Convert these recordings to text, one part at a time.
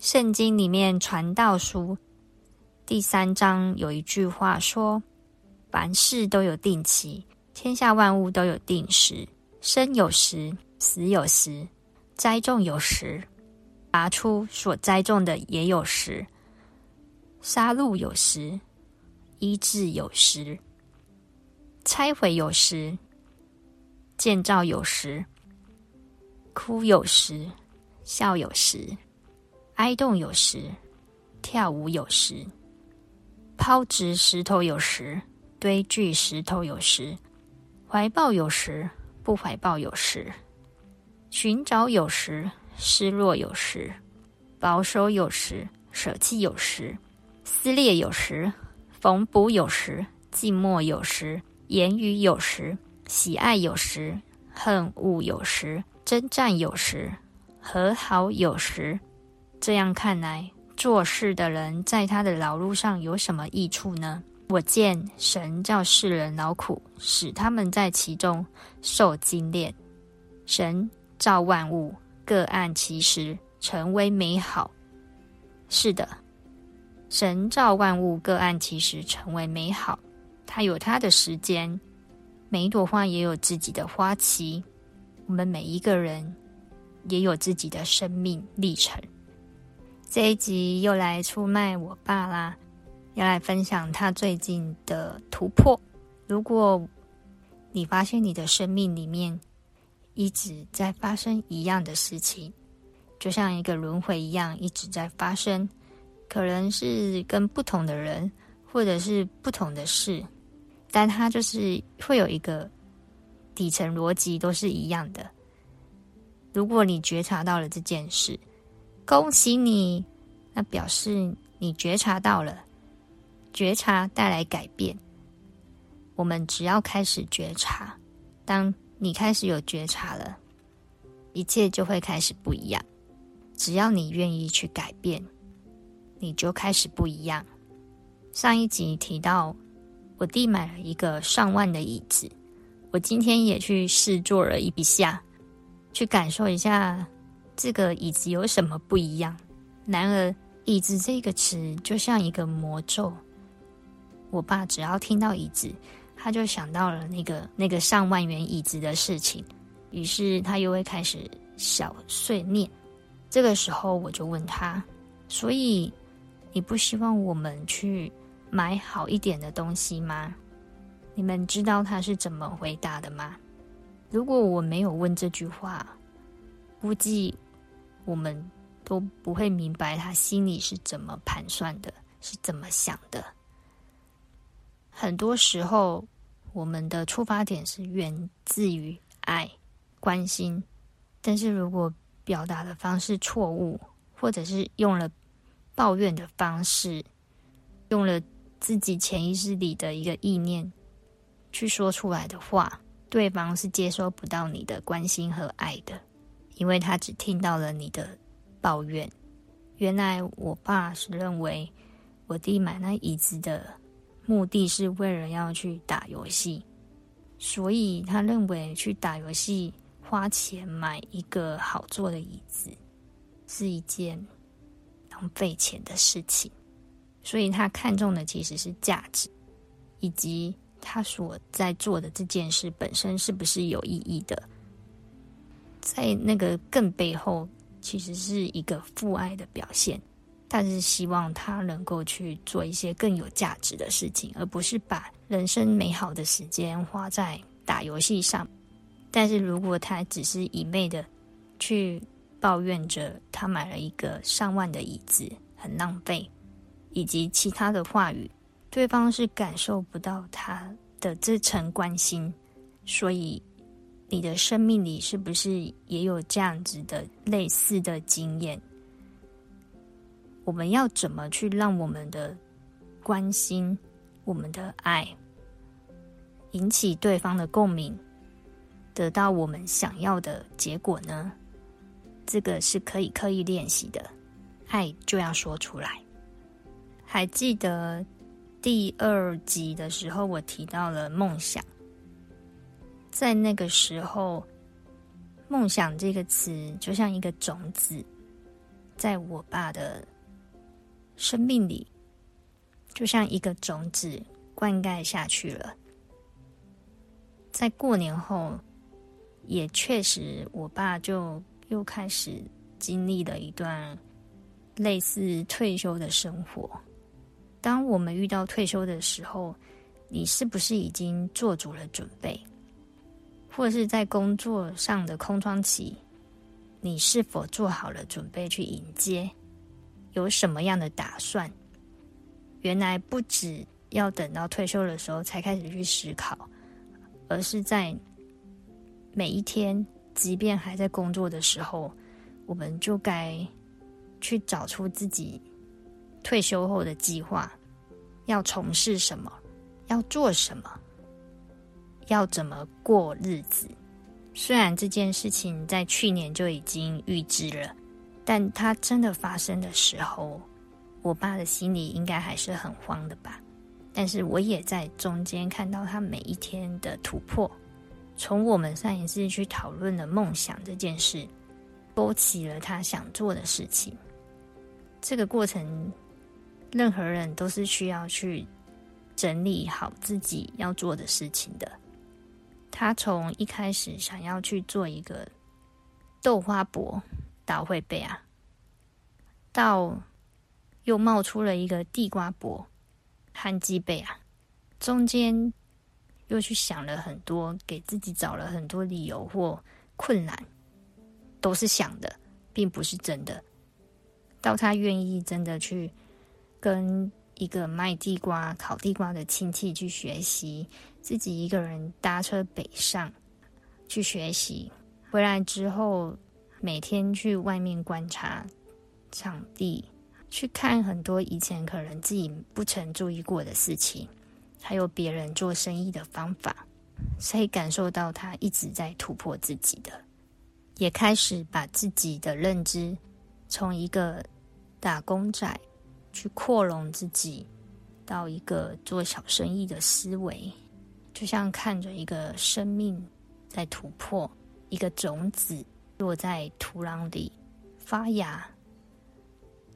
聖經裡面傳道書第三章有一句話說：“凡事都有定期，天下萬物都有定時。生有時，死有時；栽種有時，拔出所栽種的也有時；殺戮有時，醫治有時；拆毀有時，建造有時；哭有時，笑有時。”哀動有時，跳舞有時，拋擲石頭有時，堆聚石頭有時，懷抱有時，不懷抱有時，尋找有時，失落有時，保守有時，捨棄有時，撕裂有時，縫補有時，寂寞有時，言語有時，喜愛有時，恨惡有時，征戰有時，和好有時。這樣看來，做事的人在他的勞碌上有什麼益處呢？我見神叫世人勞苦，使他們在其中受精煉。神造萬物，各按其時，成為美好。是的，神造萬物，各按其時，成為美好。他有他的時間，每一朵花也有自己的花期，我們每一個人也有自己的生命歷程。這一集又來出賣我爸啦，要來分享他最近的突破。如果你發現你的生命裡面一直在發生一樣的事情，就像一個輪迴一樣一直在發生，可能是跟不同的人或者是不同的事，但它就是會有一個底層邏輯都是一樣的。如果你覺察到了這件事，恭喜你，那表示你覺察到了，覺察帶來改變。我們只要開始覺察，當你開始有覺察了，一切就會開始不一樣。只要你願意去改變，你就開始不一樣。上一集提到，我弟買了一個上萬的椅子，我今天也去試坐了一下去，感受一下。這個椅子有什麼不一樣？然而，椅子這個詞就像一個魔咒。我爸只要聽到椅子，他就想到了那個那個上萬元椅子的事情，於是他又會開始小碎念。這個時候，我就問他：“所以，你不希望我們去買好一點的東西嗎？”你們知道他是怎麼回答的嗎？如果我沒有問這句話，估計……我們都不會明白他心裡是怎麼盤算的，是怎麼想的。很多時候，我們的出發點是源自於愛、關心，但是如果表達的方式錯誤，或者是用了抱怨的方式，用了自己潛意識裡的一個意念去說出來的話，對方是接收不到你的關心和愛的。因為他只聽到了你的抱怨。原來我爸是認為我弟買那椅子的目的是為了要去打遊戲，所以他認為去打遊戲花錢買一個好坐的椅子是一件浪費錢的事情，所以他看重的其實是價值，以及他所在做的這件事本身是不是有意義的。在那個更背後，其實是一個父愛的表現，他是希望他能夠去做一些更有價值的事情，而不是把人生美好的時間花在打遊戲上。但是如果他只是一昧的去抱怨着，他買了一個上萬的椅子很浪費，以及其他的話語，對方是感受不到他的這層關心，所以。你的生命裡是不是也有這樣子的類似的經驗？我們要怎麼去讓我們的關心、我們的愛引起對方的共鳴，得到我們想要的結果呢？這個是可以刻意練習的。愛就要說出來。還記得第二集的時候，我提到了夢想。在那個時候，夢想這個詞就像一個種子，在我爸的生命裡，就像一個種子灌溉下去了。在過年後，也確實，我爸就又開始經歷了一段類似退休的生活。當我們遇到退休的時候，你是不是已經做足了準備？或是在工作上的空窗期，你是否做好了準備去迎接？有什麼樣的打算？原來不只要等到退休的時候才開始去思考，而是在每一天，即便還在工作的時候，我們就該去找出自己退休後的計劃，要從事什麼，要做什麼。要怎麼過日子？雖然這件事情在去年就已經預知了，但它真的發生的時候，我爸的心裡應該還是很慌的吧。但是我也在中間看到他每一天的突破，從我們上一次去討論的夢想這件事，勾起了他想做的事情。這個過程，任何人都是需要去整理好自己要做的事情的。他從一開始想要去做一個豆花伯，導燴貝啊，到又冒出了一個地瓜伯，漢季貝啊，中間又去想了很多，給自己找了很多理由或困難，都是想的，並不是真的。到他願意真的去跟一個賣地瓜、烤地瓜的親戚去學習。自己一個人搭車北上，去學習，回來之後，每天去外面觀察場地，去看很多以前可能自己不曾注意過的事情，還有別人做生意的方法，所以感受到他一直在突破自己的，也開始把自己的認知從一個打工仔去擴容自己，到一個做小生意的思維。就像看着一個生命在突破，一個種子落在土壤裡發芽、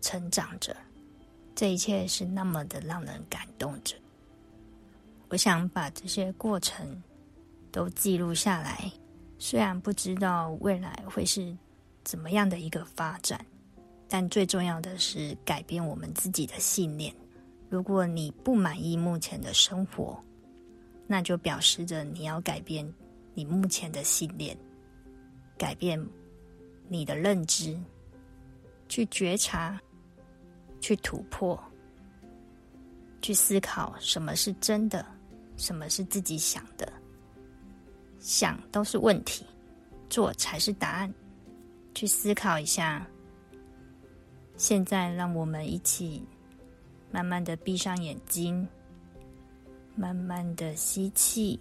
成長着，這一切是那麼的讓人感動着。我想把這些過程都記錄下來，雖然不知道未來會是怎麼樣的一個發展，但最重要的是改變我們自己的信念。如果你不滿意目前的生活，那就表示着你要改變你目前的信念，改變你的認知，去覺察，去突破，去思考什麼是真的，什麼是自己想的。想都是問題，做才是答案。去思考一下。現在，讓我們一起慢慢的閉上眼睛。慢慢的吸氣，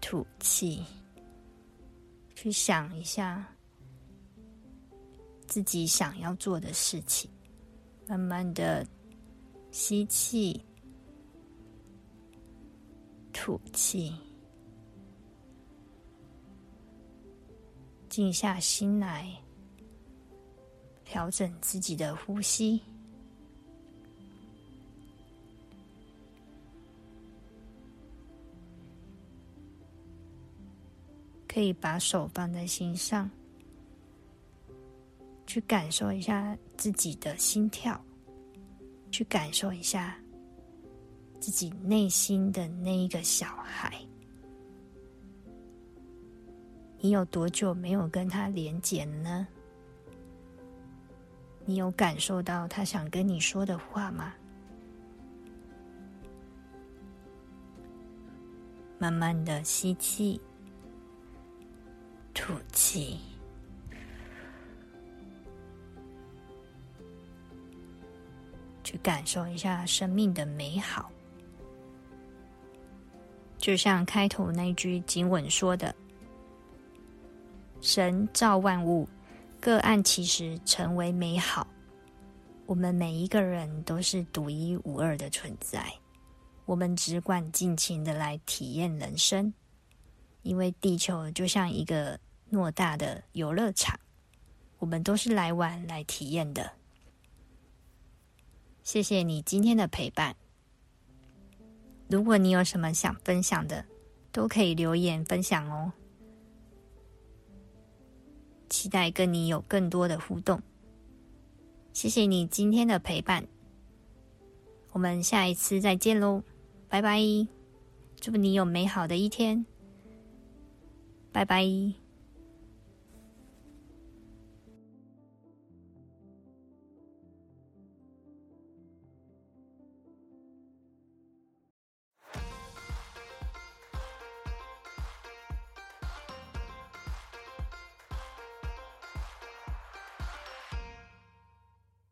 吐氣，去想一下自己想要做的事情。慢慢的吸氣，吐氣，靜下心來，調整自己的呼吸。可以把手放在心上，去感受一下自己的心跳，去感受一下自己內心的那一個小孩。你有多久沒有跟他連結呢？你有感受到他想跟你說的話嗎？慢慢的吸氣。呼吸，去感受一下生命的美好。就像開頭那句經文說的：“神造萬物，各按其時成為美好。”我們每一個人都是獨一無二的存在，我們只管盡情的來體驗人生，因為地球就像一個。偌大的遊樂場，我們都是來玩來體驗的。謝謝你今天的陪伴。如果你有什麼想分享的，都可以留言分享哦。期待跟你有更多的互動。謝謝你今天的陪伴，我們下一次再見嘍，拜拜！祝你有美好的一天，拜拜。